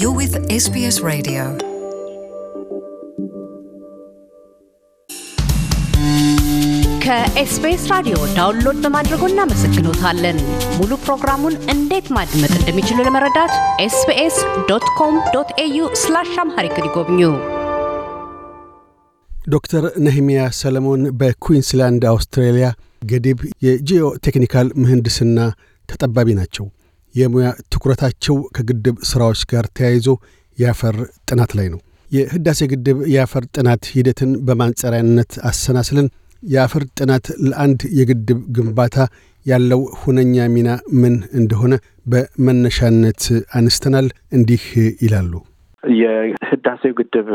You're with SBS Radio. ከኤስቢኤስ ራዲዮ ዳውንሎድ በማድረጎ እናመሰግኖታለን። ሙሉ ፕሮግራሙን እንዴት ማድመጥ እንደሚችሉ ለመረዳት ኤስቢኤስ ዶት ኮም ዶት ኤዩ ስላሽ አምሃሪክ ይጎብኙ። ዶክተር ነህሚያ ሰለሞን በኩዊንስላንድ አውስትራሊያ ገዲብ የጂኦ ቴክኒካል ምህንድስና ተጠባቢ ናቸው። የሙያ ትኩረታቸው ከግድብ ሥራዎች ጋር ተያይዞ የአፈር ጥናት ላይ ነው። የህዳሴ ግድብ የአፈር ጥናት ሂደትን በማንጸሪያነት አሰናስልን የአፈር ጥናት ለአንድ የግድብ ግንባታ ያለው ሁነኛ ሚና ምን እንደሆነ በመነሻነት አንስተናል። እንዲህ ይላሉ። የህዳሴው ግድብ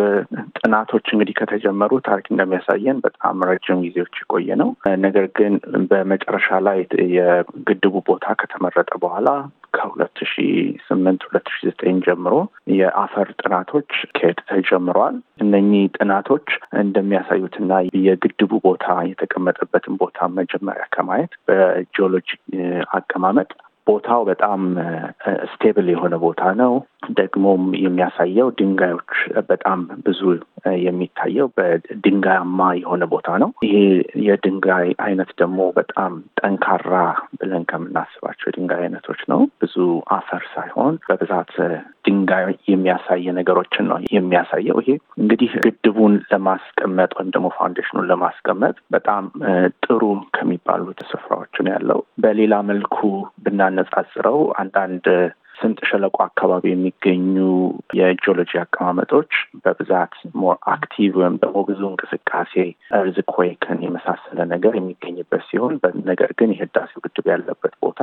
ጥናቶች እንግዲህ ከተጀመሩ ታሪክ እንደሚያሳየን በጣም ረጅም ጊዜዎች የቆየ ነው። ነገር ግን በመጨረሻ ላይ የግድቡ ቦታ ከተመረጠ በኋላ ከሁለት ሺ ስምንት ሁለት ሺ ዘጠኝ ጀምሮ የአፈር ጥናቶች ከየት ተጀምረዋል። እነኚህ ጥናቶች እንደሚያሳዩትና የግድቡ ቦታ የተቀመጠበትን ቦታ መጀመሪያ ከማየት በጂኦሎጂ አቀማመጥ ቦታው በጣም ስቴብል የሆነ ቦታ ነው። ደግሞም የሚያሳየው ድንጋዮች በጣም ብዙ የሚታየው በድንጋያማ የሆነ ቦታ ነው። ይሄ የድንጋይ አይነት ደግሞ በጣም ጠንካራ ብለን ከምናስባቸው የድንጋይ አይነቶች ነው። ብዙ አፈር ሳይሆን በብዛት ድንጋይ የሚያሳየ ነገሮችን ነው የሚያሳየው። ይሄ እንግዲህ ግድቡን ለማስቀመጥ ወይም ደግሞ ፋውንዴሽኑን ለማስቀመጥ በጣም ጥሩ ከሚባሉት ስፍራዎች ነው ያለው። በሌላ መልኩ ብና ነጻጽረው አንዳንድ ስምጥ ሸለቆ አካባቢ የሚገኙ የጂኦሎጂ አቀማመጦች በብዛት ሞር አክቲቭ ወይም ደግሞ ብዙ እንቅስቃሴ እርዝ ኮይክን የመሳሰለ ነገር የሚገኝበት ሲሆን ነገር ግን የህዳሴው ግድብ ያለበት ቦታ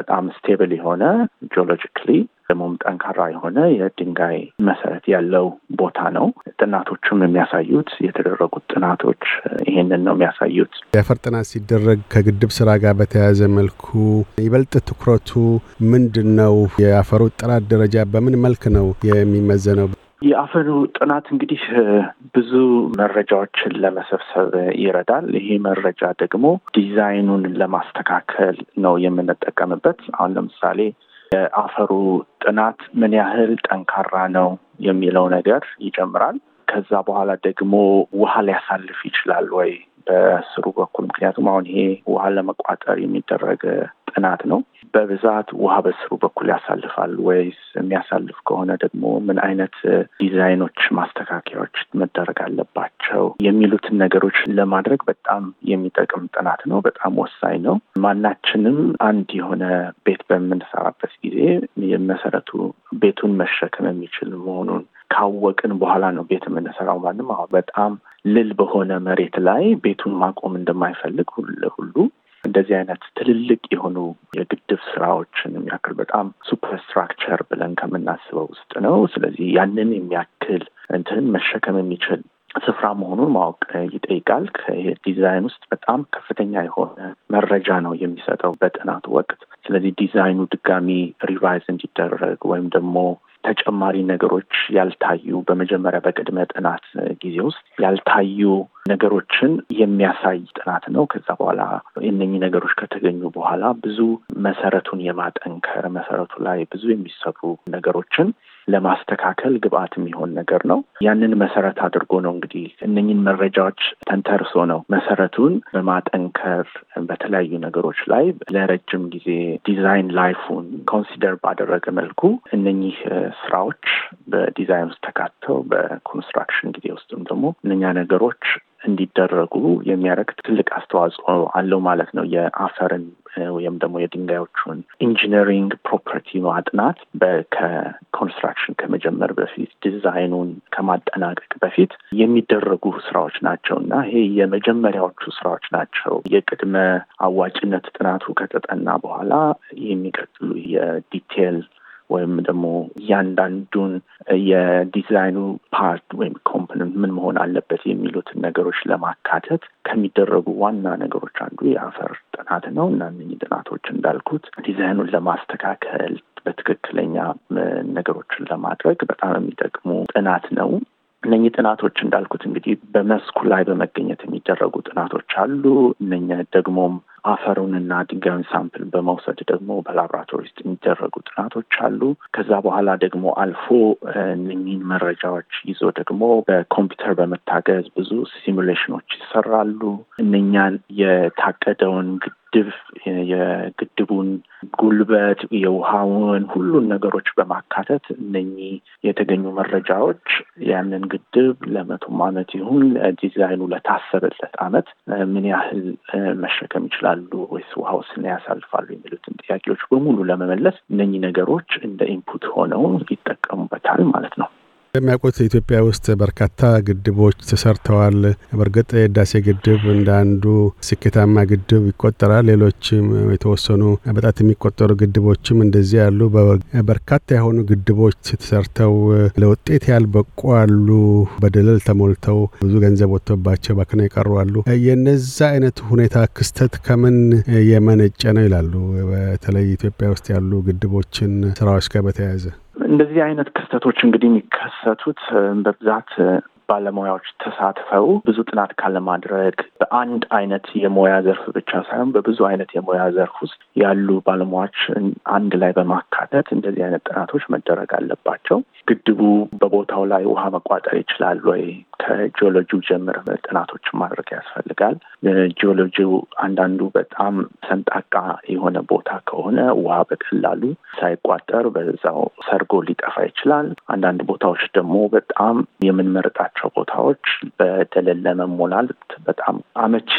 በጣም ስቴብል የሆነ ጂኦሎጂካሊ ደግሞም ጠንካራ የሆነ የድንጋይ መሰረት ያለው ቦታ ነው። ጥናቶቹም የሚያሳዩት የተደረጉት ጥናቶች ይሄንን ነው የሚያሳዩት። የአፈር ጥናት ሲደረግ ከግድብ ስራ ጋር በተያያዘ መልኩ ይበልጥ ትኩረቱ ምንድን ነው? የአፈሩ ጥራት ደረጃ በምን መልክ ነው የሚመዘነው? የአፈሩ ጥናት እንግዲህ ብዙ መረጃዎችን ለመሰብሰብ ይረዳል። ይሄ መረጃ ደግሞ ዲዛይኑን ለማስተካከል ነው የምንጠቀምበት። አሁን ለምሳሌ የአፈሩ ጥናት ምን ያህል ጠንካራ ነው የሚለው ነገር ይጨምራል። ከዛ በኋላ ደግሞ ውሃ ሊያሳልፍ ይችላል ወይ በስሩ በኩል ምክንያቱም አሁን ይሄ ውሃ ለመቋጠር የሚደረግ ጥናት ነው። በብዛት ውሃ በስሩ በኩል ያሳልፋል ወይስ የሚያሳልፍ ከሆነ ደግሞ ምን አይነት ዲዛይኖች፣ ማስተካከያዎች መደረግ አለባቸው የሚሉትን ነገሮች ለማድረግ በጣም የሚጠቅም ጥናት ነው። በጣም ወሳኝ ነው። ማናችንም አንድ የሆነ ቤት በምንሰራበት ጊዜ የመሰረቱ ቤቱን መሸከም የሚችል መሆኑን ካወቅን በኋላ ነው ቤት የምንሰራው። ማንም አሁን በጣም ልል በሆነ መሬት ላይ ቤቱን ማቆም እንደማይፈልግ ሁሉ እንደዚህ አይነት ትልልቅ የሆኑ የግድብ ስራዎችን የሚያክል በጣም ሱፐር ስትራክቸር ብለን ከምናስበው ውስጥ ነው። ስለዚህ ያንን የሚያክል እንትን መሸከም የሚችል ስፍራ መሆኑን ማወቅ ይጠይቃል። ዲዛይን ውስጥ በጣም ከፍተኛ የሆነ መረጃ ነው የሚሰጠው በጥናቱ ወቅት። ስለዚህ ዲዛይኑ ድጋሚ ሪቫይዝ እንዲደረግ ወይም ደግሞ ተጨማሪ ነገሮች ያልታዩ በመጀመሪያ በቅድመ ጥናት ጊዜ ውስጥ ያልታዩ ነገሮችን የሚያሳይ ጥናት ነው። ከዛ በኋላ እነኚህ ነገሮች ከተገኙ በኋላ ብዙ መሰረቱን የማጠንከር መሰረቱ ላይ ብዙ የሚሰሩ ነገሮችን ለማስተካከል ግብአት የሚሆን ነገር ነው። ያንን መሰረት አድርጎ ነው እንግዲህ እነኝን መረጃዎች ተንተርሶ ነው መሰረቱን በማጠንከር በተለያዩ ነገሮች ላይ ለረጅም ጊዜ ዲዛይን ላይፉን ኮንሲደር ባደረገ መልኩ እነኚህ ስራዎች በዲዛይን ውስጥ ተካተው በኮንስትራክሽን ጊዜ ውስጥም ደግሞ እነኛ ነገሮች እንዲደረጉ የሚያደርግ ትልቅ አስተዋጽኦ አለው ማለት ነው። የአፈርን ወይም ደግሞ የድንጋዮቹን ኢንጂነሪንግ ፕሮፐርቲ ማጥናት ከኮንስትራክሽን ከመጀመር በፊት ዲዛይኑን ከማጠናቀቅ በፊት የሚደረጉ ስራዎች ናቸው እና ይሄ የመጀመሪያዎቹ ስራዎች ናቸው። የቅድመ አዋጭነት ጥናቱ ከተጠና በኋላ የሚቀጥሉ የዲቴል ወይም ደግሞ እያንዳንዱን የዲዛይኑ ፓርት ወይም ኮምፖነንት ምን መሆን አለበት የሚሉትን ነገሮች ለማካተት ከሚደረጉ ዋና ነገሮች አንዱ የአፈር ጥናት ነው እና እነኚህ ጥናቶች እንዳልኩት ዲዛይኑን ለማስተካከል በትክክለኛ ነገሮችን ለማድረግ በጣም የሚጠቅሙ ጥናት ነው። እነኚህ ጥናቶች እንዳልኩት እንግዲህ በመስኩ ላይ በመገኘት የሚደረጉ ጥናቶች አሉ። እነኛ ደግሞም አፈሩንና ድንጋዩን ሳምፕል በመውሰድ ደግሞ በላብራቶሪ ውስጥ የሚደረጉ ጥናቶች አሉ። ከዛ በኋላ ደግሞ አልፎ እነኝን መረጃዎች ይዞ ደግሞ በኮምፒውተር በመታገዝ ብዙ ሲሙሌሽኖች ይሰራሉ። እነኛን የታቀደውን ግድብ የግድቡን ጉልበት፣ የውሃውን፣ ሁሉን ነገሮች በማካተት እነኚህ የተገኙ መረጃዎች ያንን ግድብ ለመቶም ዓመት ይሁን ዲዛይኑ ለታሰበለት ዓመት ምን ያህል መሸከም ይችላሉ ወይስ ውሃው ስና ያሳልፋሉ የሚሉትን ጥያቄዎች በሙሉ ለመመለስ እነኚህ ነገሮች እንደ ኢንፑት ሆነው ይጠቀሙበታል ማለት ነው። የሚያውቁት ኢትዮጵያ ውስጥ በርካታ ግድቦች ተሰርተዋል። በእርግጥ የህዳሴ ግድብ እንደ አንዱ ስኬታማ ግድብ ይቆጠራል። ሌሎችም የተወሰኑ በጣት የሚቆጠሩ ግድቦችም እንደዚህ ያሉ በርካታ የሆኑ ግድቦች ተሰርተው ለውጤት ያልበቁ አሉ። በደለል ተሞልተው ብዙ ገንዘብ ወጥቶባቸው ባክነው የቀሩ አሉ። የነዛ አይነት ሁኔታ ክስተት ከምን የመነጨ ነው ይላሉ። በተለይ ኢትዮጵያ ውስጥ ያሉ ግድቦችን ስራዎች ጋር በተያያዘ እንደዚህ አይነት ክስተቶች እንግዲህ የሚከሰቱት በብዛት ባለሙያዎች ተሳትፈው ብዙ ጥናት ካለማድረግ በአንድ አይነት የሙያ ዘርፍ ብቻ ሳይሆን በብዙ አይነት የሙያ ዘርፍ ውስጥ ያሉ ባለሙያዎች አንድ ላይ በማካተት እንደዚህ አይነት ጥናቶች መደረግ አለባቸው። ግድቡ በቦታው ላይ ውሃ መቋጠር ይችላል ወይ? ከጂኦሎጂው ጀምር ጥናቶች ማድረግ ያስፈልጋል። ጂኦሎጂው አንዳንዱ በጣም ሰንጣቃ የሆነ ቦታ ከሆነ ውሃ በቀላሉ ሳይቋጠር በዛው ሰርጎ ሊጠፋ ይችላል። አንዳንድ ቦታዎች ደግሞ በጣም የምንመርጣት ያላቸው ቦታዎች በደለል ለመሞላት በጣም አመቺ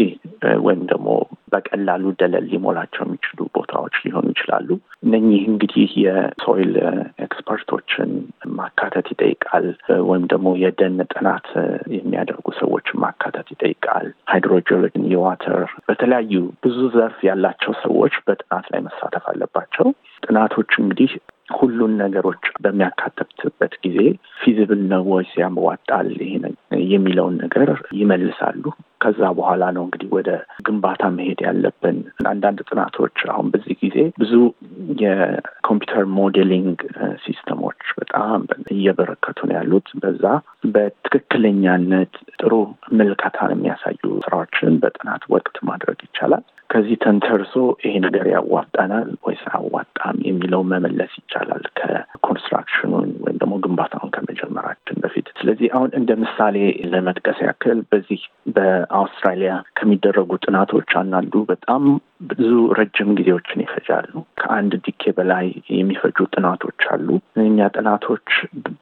ወይም ደግሞ በቀላሉ ደለል ሊሞላቸው የሚችሉ ቦታዎች ሊሆኑ ይችላሉ። እነኚህ እንግዲህ የሶይል ኤክስፐርቶችን ማካተት ይጠይቃል፣ ወይም ደግሞ የደን ጥናት የሚያደርጉ ሰዎችን ማካተት ይጠይቃል። ሃይድሮጂኦሎጂን፣ የዋተር በተለያዩ ብዙ ዘርፍ ያላቸው ሰዎች በጥናት ላይ መሳተፍ አለባቸው። ጥናቶች እንግዲህ ሁሉን ነገሮች በሚያካተትበት ጊዜ ፊዚብል ነው ወይስ ያዋጣል የሚለውን ነገር ይመልሳሉ። ከዛ በኋላ ነው እንግዲህ ወደ ግንባታ መሄድ ያለብን። አንዳንድ ጥናቶች አሁን በዚህ ጊዜ ብዙ የኮምፒውተር ሞዴሊንግ ሲስተሞች በጣም እየበረከቱ ነው ያሉት። በዛ በትክክለኛነት ጥሩ ምልከታን የሚያሳዩ ስራዎችን በጥናት ወቅት ማድረግ ይቻላል። ከዚህ ተንተርሶ ይሄ ነገር ያዋጣናል ወይስ አያዋጣም የሚለውን መመለስ ይቻላል ከኮንስትራክሽኑን ወይም ደግሞ ግንባታውን ከመጀመራችን በፊት። ስለዚህ አሁን እንደ ምሳሌ ለመጥቀስ ያክል በዚህ በአውስትራሊያ ከሚደረጉ ጥናቶች አንዳንዱ በጣም ብዙ ረጅም ጊዜዎችን ይፈጃሉ። ከአንድ ዲኬ በላይ የሚፈጁ ጥናቶች አሉ። እኛ ጥናቶች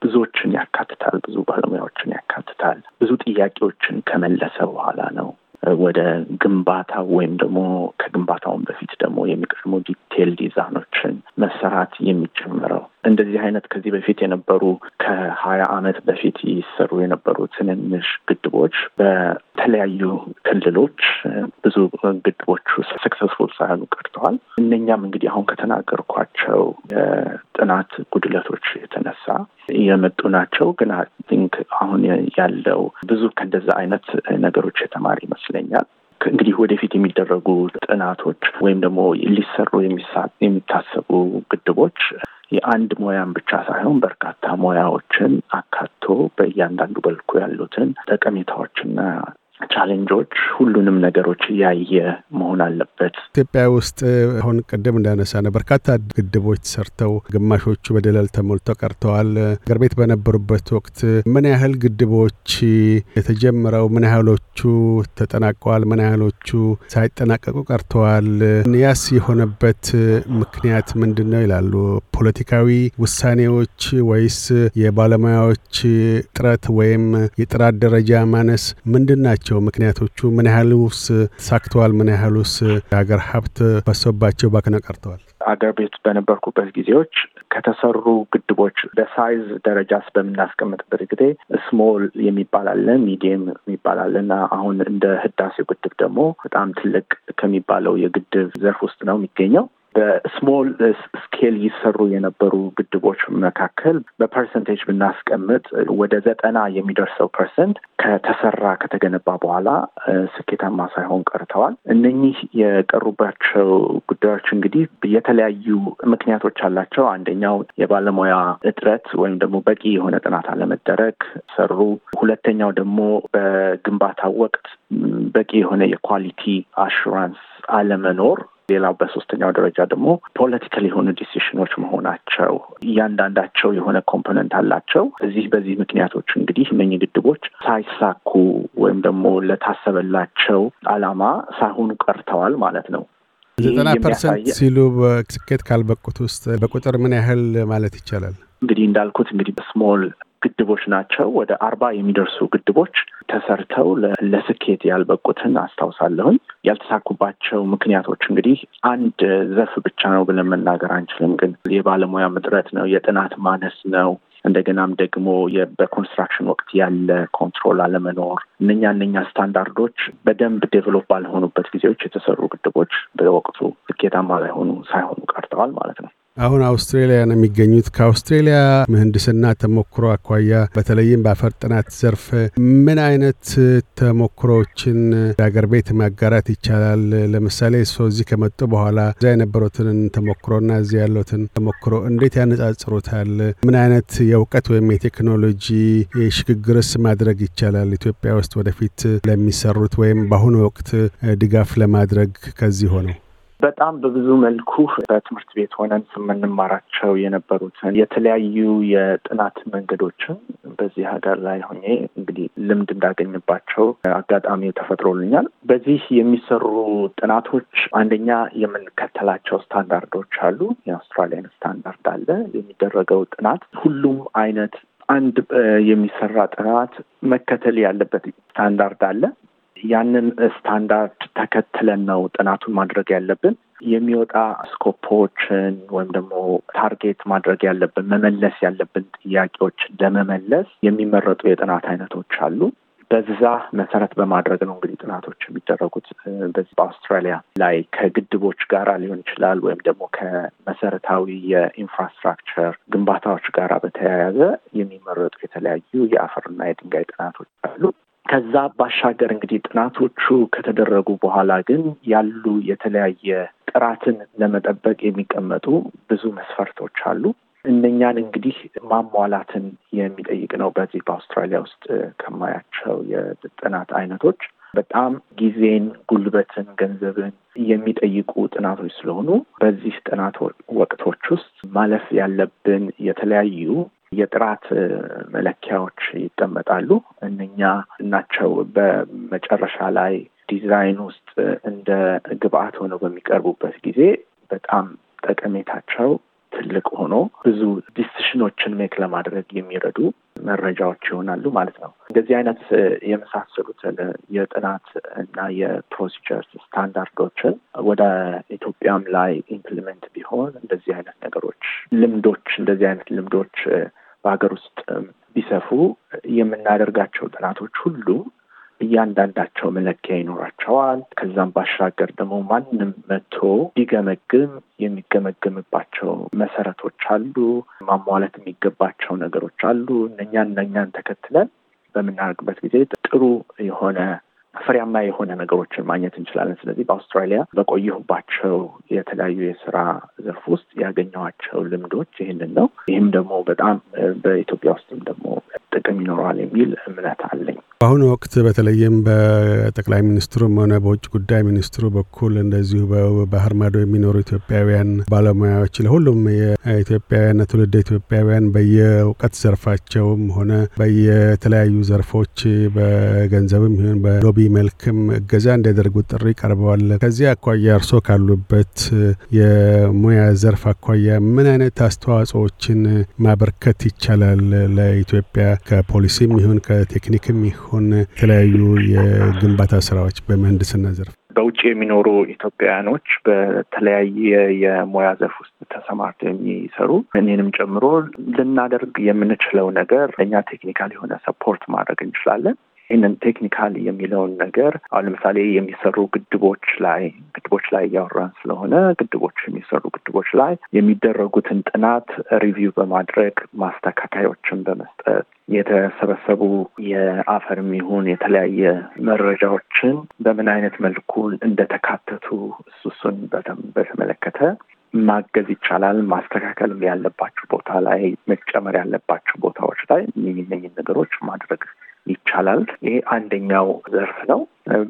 ብዙዎችን ያካትታል፣ ብዙ ባለሙያዎችን ያካትታል። ብዙ ጥያቄዎችን ከመለሰ በኋላ ነው ወደ ግንባታው ወይም ደግሞ ከግንባታውን በፊት ደግሞ የሚቀድሙ ዲቴል ዲዛይኖችን መሰራት የሚጀምረው እንደዚህ አይነት ከዚህ በፊት የነበሩ ከሀያ አመት በፊት ይሰሩ የነበሩ ትንንሽ ግድቦች በተለያዩ ክልሎች ብዙ ግድቦቹ ሰክሰስፉል ሳይሆኑ ቀርተዋል። እነኛም እንግዲህ አሁን ከተናገርኳቸው ጥናት ጉድለቶች የተነሳ የመጡ ናቸው። ግን አይ ቲንክ አሁን ያለው ብዙ ከእንደዛ አይነት ነገሮች የተማረ ይመስለኛል። እንግዲህ ወደፊት የሚደረጉ ጥናቶች ወይም ደግሞ ሊሰሩ የሚታሰቡ ግድቦች የአንድ ሙያን ብቻ ሳይሆን በርካታ ሙያዎችን አካቶ በእያንዳንዱ በልኩ ያሉትን ጠቀሜታዎችና ቻሌንጆች ሁሉንም ነገሮች እያየ መሆን አለበት። ኢትዮጵያ ውስጥ አሁን ቅድም እንዳነሳ ነው በርካታ ግድቦች ሰርተው ግማሾቹ በደለል ተሞልቶ ቀርተዋል። አገር ቤት በነበሩበት ወቅት ምን ያህል ግድቦች የተጀመረው፣ ምን ያህሎቹ ተጠናቀዋል፣ ምን ያህሎቹ ሳይጠናቀቁ ቀርተዋል? ያስ የሆነበት ምክንያት ምንድን ነው ይላሉ። ፖለቲካዊ ውሳኔዎች ወይስ የባለሙያዎች ጥረት ወይም የጥራት ደረጃ ማነስ ምንድን ናቸው? ናቸው? ምክንያቶቹ ምን ያህሉስ ሳክተዋል? ምን ያህሉስ የሀገር ሀብት ፈሶባቸው ባክነ ቀርተዋል? አገር ቤት በነበርኩበት ጊዜዎች ከተሰሩ ግድቦች በሳይዝ ደረጃስ በምናስቀምጥበት ጊዜ ስሞል የሚባል አለ፣ ሚዲየም የሚባል አለ እና አሁን እንደ ህዳሴው ግድብ ደግሞ በጣም ትልቅ ከሚባለው የግድብ ዘርፍ ውስጥ ነው የሚገኘው። በስሞል ስኬል ይሰሩ የነበሩ ግድቦች መካከል በፐርሰንቴጅ ብናስቀምጥ ወደ ዘጠና የሚደርሰው ፐርሰንት ከተሰራ ከተገነባ በኋላ ስኬታማ ሳይሆን ቀርተዋል። እነኚህ የቀሩባቸው ጉዳዮች እንግዲህ የተለያዩ ምክንያቶች አላቸው። አንደኛው የባለሙያ እጥረት ወይም ደግሞ በቂ የሆነ ጥናት አለመደረግ ሰሩ። ሁለተኛው ደግሞ በግንባታ ወቅት በቂ የሆነ የኳሊቲ አሹራንስ አለመኖር ሌላው በሶስተኛው ደረጃ ደግሞ ፖለቲካል የሆኑ ዲሲሽኖች መሆናቸው እያንዳንዳቸው የሆነ ኮምፖነንት አላቸው። እዚህ በዚህ ምክንያቶች እንግዲህ እነኝህ ግድቦች ሳይሳኩ ወይም ደግሞ ለታሰበላቸው አላማ ሳይሆኑ ቀርተዋል ማለት ነው። ዘጠና ፐርሰንት ሲሉ በስኬት ካልበቁት ውስጥ በቁጥር ምን ያህል ማለት ይቻላል? እንግዲህ እንዳልኩት እንግዲህ በስሞል ግድቦች ናቸው። ወደ አርባ የሚደርሱ ግድቦች ተሰርተው ለስኬት ያልበቁትን አስታውሳለሁኝ። ያልተሳኩባቸው ምክንያቶች እንግዲህ አንድ ዘርፍ ብቻ ነው ብለን መናገር አንችልም። ግን የባለሙያ እጥረት ነው፣ የጥናት ማነስ ነው፣ እንደገናም ደግሞ በኮንስትራክሽን ወቅት ያለ ኮንትሮል አለመኖር፣ እነኛ እነኛ ስታንዳርዶች በደንብ ዴቨሎፕ ባልሆኑበት ጊዜዎች የተሰሩ ግድቦች በወቅቱ ስኬታማ ላይሆኑ ሳይሆኑ ቀርተዋል ማለት ነው። አሁን አውስትሬሊያ ነው የሚገኙት። ከአውስትሬሊያ ምህንድስና ተሞክሮ አኳያ በተለይም በአፈር ጥናት ዘርፍ ምን አይነት ተሞክሮዎችን ለአገር ቤት ማጋራት ይቻላል? ለምሳሌ ሰው እዚህ ከመጡ በኋላ እዚያ የነበሩትን ተሞክሮና እዚህ ያለትን ተሞክሮ እንዴት ያነጻጽሩታል? ምን አይነት የእውቀት ወይም የቴክኖሎጂ ሽግግርስ ማድረግ ይቻላል? ኢትዮጵያ ውስጥ ወደፊት ለሚሰሩት ወይም በአሁኑ ወቅት ድጋፍ ለማድረግ ከዚህ ሆነው በጣም በብዙ መልኩ በትምህርት ቤት ሆነን ስምንማራቸው የነበሩትን የተለያዩ የጥናት መንገዶችን በዚህ ሀገር ላይ ሆኜ እንግዲህ ልምድ እንዳገኝባቸው አጋጣሚ ተፈጥሮልኛል። በዚህ የሚሰሩ ጥናቶች አንደኛ የምንከተላቸው ስታንዳርዶች አሉ። የአውስትራሊያን ስታንዳርድ አለ። የሚደረገው ጥናት ሁሉም አይነት አንድ የሚሰራ ጥናት መከተል ያለበት ስታንዳርድ አለ። ያንን ስታንዳርድ ተከትለን ነው ጥናቱን ማድረግ ያለብን። የሚወጣ ስኮፖችን ወይም ደግሞ ታርጌት ማድረግ ያለብን መመለስ ያለብን ጥያቄዎች ለመመለስ የሚመረጡ የጥናት አይነቶች አሉ። በዛ መሰረት በማድረግ ነው እንግዲህ ጥናቶች የሚደረጉት። በዚህ በአውስትራሊያ ላይ ከግድቦች ጋር ሊሆን ይችላል ወይም ደግሞ ከመሰረታዊ የኢንፍራስትራክቸር ግንባታዎች ጋር በተያያዘ የሚመረጡ የተለያዩ የአፈርና የድንጋይ ጥናቶች አሉ። ከዛ ባሻገር እንግዲህ ጥናቶቹ ከተደረጉ በኋላ ግን ያሉ የተለያየ ጥራትን ለመጠበቅ የሚቀመጡ ብዙ መስፈርቶች አሉ። እነኛን እንግዲህ ማሟላትን የሚጠይቅ ነው። በዚህ በአውስትራሊያ ውስጥ ከማያቸው የጥናት አይነቶች በጣም ጊዜን፣ ጉልበትን፣ ገንዘብን የሚጠይቁ ጥናቶች ስለሆኑ በዚህ ጥናት ወቅቶች ውስጥ ማለፍ ያለብን የተለያዩ የጥራት መለኪያዎች ይቀመጣሉ። እነኛ ናቸው በመጨረሻ ላይ ዲዛይን ውስጥ እንደ ግብአት ሆነው በሚቀርቡበት ጊዜ በጣም ጠቀሜታቸው ትልቅ ሆኖ ብዙ ዲሲሽኖችን ሜክ ለማድረግ የሚረዱ መረጃዎች ይሆናሉ ማለት ነው። እንደዚህ አይነት የመሳሰሉትን የጥናት እና የፕሮሲጀር ስታንዳርዶችን ወደ ኢትዮጵያም ላይ ኢምፕሊመንት ቢሆን እንደዚህ አይነት ነገሮች ልምዶች እንደዚህ አይነት ልምዶች በሀገር ውስጥ ቢሰፉ የምናደርጋቸው ጥናቶች ሁሉ እያንዳንዳቸው መለኪያ ይኖራቸዋል። ከዛም ባሻገር ደግሞ ማንም መጥቶ ሊገመግም የሚገመግምባቸው መሰረቶች አሉ፣ ማሟላት የሚገባቸው ነገሮች አሉ። እነኛን እነኛን ተከትለን በምናደርግበት ጊዜ ጥሩ የሆነ ፍሬያማ የሆነ ነገሮችን ማግኘት እንችላለን። ስለዚህ በአውስትራሊያ በቆየሁባቸው የተለያዩ የስራ ዘርፍ ውስጥ ያገኘኋቸው ልምዶች ይህንን ነው። ይህም ደግሞ በጣም በኢትዮጵያ ውስጥም ደግሞ ጥቅም ይኖረዋል የሚል እምነት አለኝ። በአሁኑ ወቅት በተለይም በጠቅላይ ሚኒስትሩም ሆነ በውጭ ጉዳይ ሚኒስትሩ በኩል እንደዚሁ በባህር ማዶ የሚኖሩ ኢትዮጵያውያን ባለሙያዎች ለሁሉም የኢትዮጵያውያን ትውልደ ኢትዮጵያውያን በየእውቀት ዘርፋቸውም ሆነ በየተለያዩ ዘርፎች በገንዘብም ይሁን በሎቢ መልክም እገዛ እንዲያደርጉ ጥሪ ቀርበዋል። ከዚህ አኳያ እርሶ ካሉበት የሙያ ዘርፍ አኳያ ምን አይነት አስተዋጽኦዎችን ማበርከት ይቻላል ለኢትዮጵያ ከፖሊሲም ይሁን ከቴክኒክም ይሁን አሁን የተለያዩ የግንባታ ስራዎች በምህንድስና ዘርፍ በውጭ የሚኖሩ ኢትዮጵያውያኖች በተለያየ የሙያ ዘርፍ ውስጥ ተሰማርተው የሚሰሩ እኔንም ጨምሮ ልናደርግ የምንችለው ነገር እኛ ቴክኒካል የሆነ ሰፖርት ማድረግ እንችላለን። ይህንን ቴክኒካል የሚለውን ነገር አሁን ለምሳሌ የሚሰሩ ግድቦች ላይ ግድቦች ላይ እያወራን ስለሆነ ግድቦች የሚሰሩ ግድቦች ላይ የሚደረጉትን ጥናት ሪቪው በማድረግ ማስተካከያዎችን በመስጠት የተሰበሰቡ የአፈር የሚሆን የተለያየ መረጃዎችን በምን አይነት መልኩ እንደተካተቱ እሱሱን በተመለከተ ማገዝ ይቻላል። ማስተካከልም ያለባቸው ቦታ ላይ መጨመር ያለባቸው ቦታዎች ላይ እነኝን ነገሮች ማድረግ ይቻላል። ይሄ አንደኛው ዘርፍ ነው።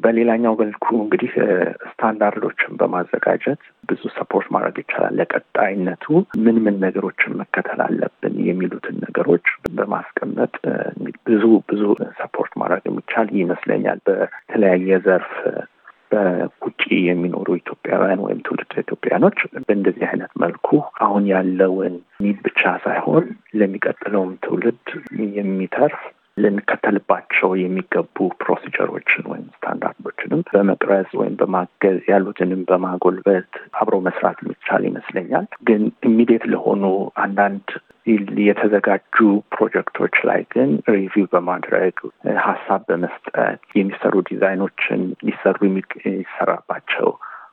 በሌላኛው መልኩ እንግዲህ ስታንዳርዶችን በማዘጋጀት ብዙ ሰፖርት ማድረግ ይቻላል። ለቀጣይነቱ ምን ምን ነገሮችን መከተል አለብን የሚሉትን ነገሮች በማስቀመጥ ብዙ ብዙ ሰፖርት ማድረግ የሚቻል ይመስለኛል። በተለያየ ዘርፍ በውጭ የሚኖሩ ኢትዮጵያውያን ወይም ትውልድ ኢትዮጵያኖች በእንደዚህ አይነት መልኩ አሁን ያለውን ኒድ ብቻ ሳይሆን ለሚቀጥለውም ትውልድ የሚተርፍ ልንከተልባቸው የሚገቡ ፕሮሲጀሮችን ወይም ስታንዳርዶችንም በመቅረጽ ወይም በማገዝ ያሉትንም በማጎልበት አብሮ መስራት የሚቻል ይመስለኛል። ግን ኢሚዲየት ለሆኑ አንዳንድ የተዘጋጁ ፕሮጀክቶች ላይ ግን ሪቪው በማድረግ ሀሳብ በመስጠት የሚሰሩ ዲዛይኖችን ሊሰሩ ይሰራባቸው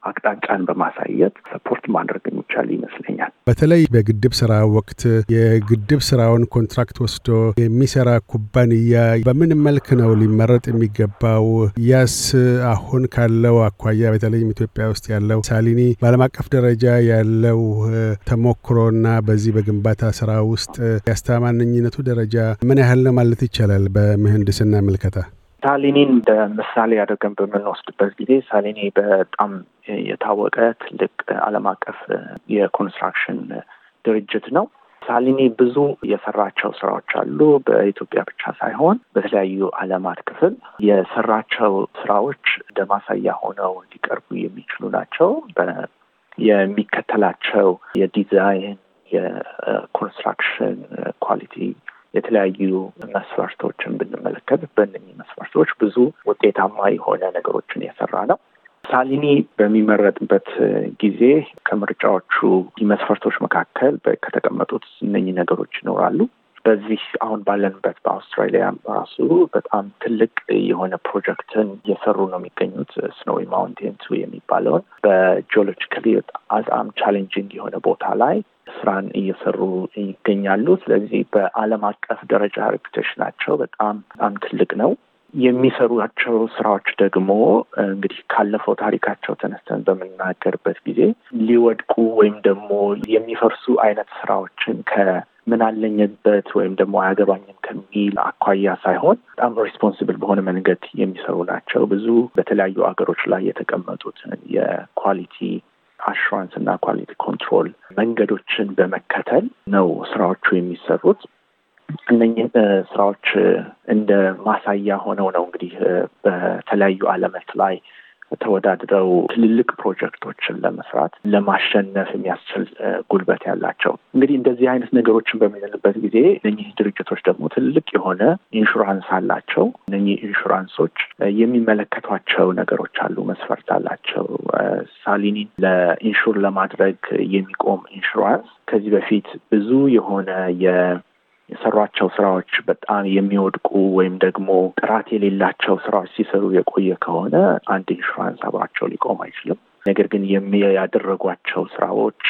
አቅጣጫን በማሳየት ሰፖርት ማድረግ የሚቻል ይመስለኛል። በተለይ በግድብ ስራ ወቅት የግድብ ስራውን ኮንትራክት ወስዶ የሚሰራ ኩባንያ በምን መልክ ነው ሊመረጥ የሚገባው? ያስ አሁን ካለው አኳያ በተለይም ኢትዮጵያ ውስጥ ያለው ሳሊኒ በዓለም አቀፍ ደረጃ ያለው ተሞክሮና በዚህ በግንባታ ስራ ውስጥ የአስተማማኝነቱ ደረጃ ምን ያህል ነው ማለት ይቻላል? በምህንድስና ምልከታ ሳሊኒን እንደ ምሳሌ አድርገን በምንወስድበት ጊዜ ሳሊኒ በጣም የታወቀ ትልቅ ዓለም አቀፍ የኮንስትራክሽን ድርጅት ነው። ሳሊኒ ብዙ የሰራቸው ስራዎች አሉ። በኢትዮጵያ ብቻ ሳይሆን በተለያዩ ዓለማት ክፍል የሰራቸው ስራዎች እንደ ማሳያ ሆነው ሊቀርቡ የሚችሉ ናቸው። የሚከተላቸው የዲዛይን የኮንስትራክሽን ኳሊቲ የተለያዩ መስፈርቶችን ብንመለከት በእነኚህ መስፈርቶች ብዙ ውጤታማ የሆነ ነገሮችን የሰራ ነው። ሳሊኒ በሚመረጥበት ጊዜ ከምርጫዎቹ መስፈርቶች መካከል ከተቀመጡት እነኚህ ነገሮች ይኖራሉ። በዚህ አሁን ባለንበት በአውስትራሊያ ራሱ በጣም ትልቅ የሆነ ፕሮጀክትን እየሰሩ ነው የሚገኙት። ስኖዊ ማውንቴን ቱ የሚባለውን በጂኦሎጂካሊ በጣም ቻሌንጂንግ የሆነ ቦታ ላይ ስራን እየሰሩ ይገኛሉ። ስለዚህ በአለም አቀፍ ደረጃ ሬፑቴሽናቸው በጣም በጣም ትልቅ ነው። የሚሰሩቸው ስራዎች ደግሞ እንግዲህ ካለፈው ታሪካቸው ተነስተን በምናገርበት ጊዜ ሊወድቁ ወይም ደግሞ የሚፈርሱ አይነት ስራዎችን ከ ምን አለኝበት ወይም ደግሞ አያገባኝም ከሚል አኳያ ሳይሆን በጣም ሬስፖንስብል በሆነ መንገድ የሚሰሩ ናቸው። ብዙ በተለያዩ ሀገሮች ላይ የተቀመጡትን የኳሊቲ አሹራንስ እና ኳሊቲ ኮንትሮል መንገዶችን በመከተል ነው ስራዎቹ የሚሰሩት። እነኝህ ስራዎች እንደ ማሳያ ሆነው ነው እንግዲህ በተለያዩ ዓለማት ላይ ተወዳድረው ትልልቅ ፕሮጀክቶችን ለመስራት ለማሸነፍ የሚያስችል ጉልበት ያላቸው እንግዲህ እንደዚህ አይነት ነገሮችን በሚንልበት ጊዜ እነህ ድርጅቶች ደግሞ ትልቅ የሆነ ኢንሹራንስ አላቸው። እነህ ኢንሹራንሶች የሚመለከቷቸው ነገሮች አሉ፣ መስፈርት አላቸው። ሳሊኒን ለኢንሹር ለማድረግ የሚቆም ኢንሹራንስ ከዚህ በፊት ብዙ የሆነ የሰሯቸው ስራዎች በጣም የሚወድቁ ወይም ደግሞ ጥራት የሌላቸው ስራዎች ሲሰሩ የቆየ ከሆነ አንድ ኢንሹራንስ አብሯቸው ሊቆም አይችልም። ነገር ግን ያደረጓቸው ስራዎች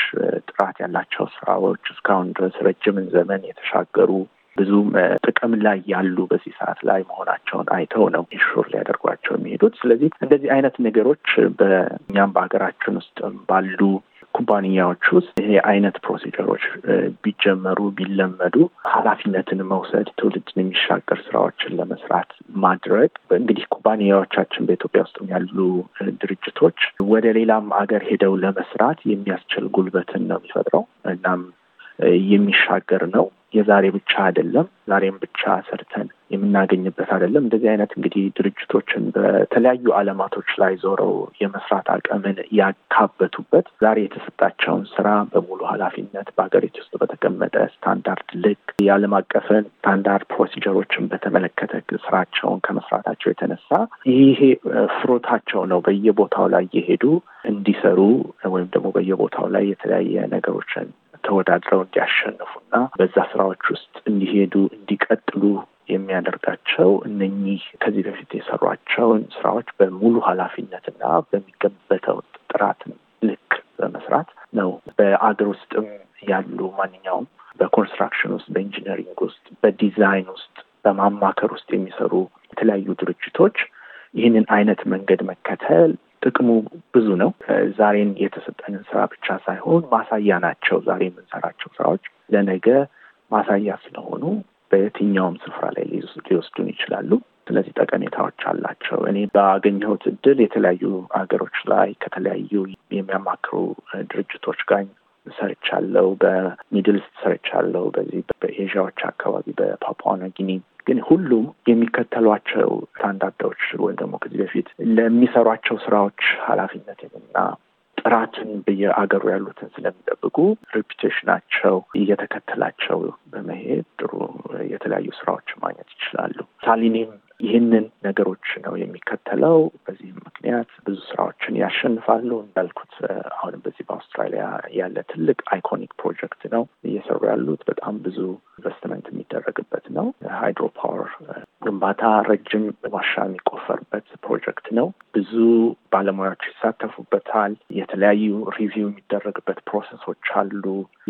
ጥራት ያላቸው ስራዎች እስካሁን ድረስ ረጅምን ዘመን የተሻገሩ ብዙም ጥቅም ላይ ያሉ በዚህ ሰዓት ላይ መሆናቸውን አይተው ነው ኢንሹር ሊያደርጓቸው የሚሄዱት። ስለዚህ እንደዚህ አይነት ነገሮች በእኛም በሀገራችን ውስጥ ባሉ ኩባንያዎች ውስጥ ይሄ አይነት ፕሮሲጀሮች ቢጀመሩ ቢለመዱ ኃላፊነትን መውሰድ ትውልድን የሚሻገር ስራዎችን ለመስራት ማድረግ እንግዲህ ኩባንያዎቻችን በኢትዮጵያ ውስጥ ያሉ ድርጅቶች ወደ ሌላም አገር ሄደው ለመስራት የሚያስችል ጉልበትን ነው የሚፈጥረው። እናም የሚሻገር ነው። የዛሬ ብቻ አይደለም። ዛሬም ብቻ ሰርተን የምናገኝበት አይደለም። እንደዚህ አይነት እንግዲህ ድርጅቶችን በተለያዩ አለማቶች ላይ ዞረው የመስራት አቅምን ያካበቱበት ዛሬ የተሰጣቸውን ስራ በሙሉ ኃላፊነት በሀገሪቱ ውስጥ በተቀመጠ ስታንዳርድ ልክ የዓለም አቀፍን ስታንዳርድ ፕሮሲጀሮችን በተመለከተ ስራቸውን ከመስራታቸው የተነሳ ይሄ ፍሮታቸው ነው። በየቦታው ላይ እየሄዱ እንዲሰሩ ወይም ደግሞ በየቦታው ላይ የተለያየ ነገሮችን ተወዳድረው እንዲያሸንፉና በዛ ስራዎች ውስጥ እንዲሄዱ እንዲቀጥሉ የሚያደርጋቸው እነኚህ ከዚህ በፊት የሰሯቸውን ስራዎች በሙሉ ኃላፊነትና በሚገመተው ጥራት ልክ በመስራት ነው። በአገር ውስጥም ያሉ ማንኛውም በኮንስትራክሽን ውስጥ፣ በኢንጂነሪንግ ውስጥ፣ በዲዛይን ውስጥ፣ በማማከር ውስጥ የሚሰሩ የተለያዩ ድርጅቶች ይህንን አይነት መንገድ መከተል ጥቅሙ ብዙ ነው። ዛሬን የተሰጠንን ስራ ብቻ ሳይሆን ማሳያ ናቸው። ዛሬ የምንሰራቸው ስራዎች ለነገ ማሳያ ስለሆኑ በየትኛውም ስፍራ ላይ ሊወስዱን ይችላሉ። ስለዚህ ጠቀሜታዎች አላቸው። እኔ ባገኘሁት እድል የተለያዩ ሀገሮች ላይ ከተለያዩ የሚያማክሩ ድርጅቶች ጋር ሰርቻለሁ። በሚድልስ ሰርቻለሁ። በዚህ በኤዥያዎች አካባቢ በፓፑዋና ጊኒ ግን ሁሉም የሚከተሏቸው ስታንዳርዶች ወይም ደግሞ ከዚህ በፊት ለሚሰሯቸው ስራዎች እና ጥራትን በየአገሩ ያሉትን ስለሚጠብቁ ሬፒቴሽናቸው እየተከተላቸው በመሄድ ጥሩ የተለያዩ ስራዎች ማግኘት ይችላሉ። ሳሊኒም ይህንን ነገሮች ነው የሚከተለው። በዚህም ምክንያት ብዙ ስራዎችን ያሸንፋሉ። እንዳልኩት አሁንም በዚህ በአውስትራሊያ ያለ ትልቅ አይኮኒክ ፕሮጀክት ነው እየሰሩ ያሉት። በጣም ብዙ ኢንቨስትመንት የሚደረግበት ነው። ሃይድሮ ፓወር ግንባታ ረጅም ዋሻ የሚቆፈርበት ፕሮጀክት ነው። ብዙ ባለሙያዎች ይሳተፉበታል። የተለያዩ ሪቪው የሚደረግበት ፕሮሰሶች አሉ።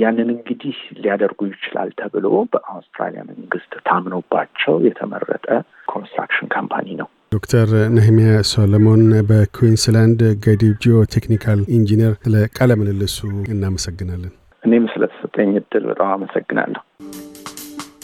ያንን እንግዲህ ሊያደርጉ ይችላል ተብሎ በአውስትራሊያ መንግስት ታምኖባቸው የተመረጠ ኮንስትራክሽን ካምፓኒ ነው። ዶክተር ነህሚያ ሶሎሞን በኩዊንስላንድ ገዲብ ጂኦ ቴክኒካል ኢንጂነር፣ ለቃለ ምልልሱ እናመሰግናለን። እኔም ስለተሰጠኝ እድል በጣም አመሰግናለሁ።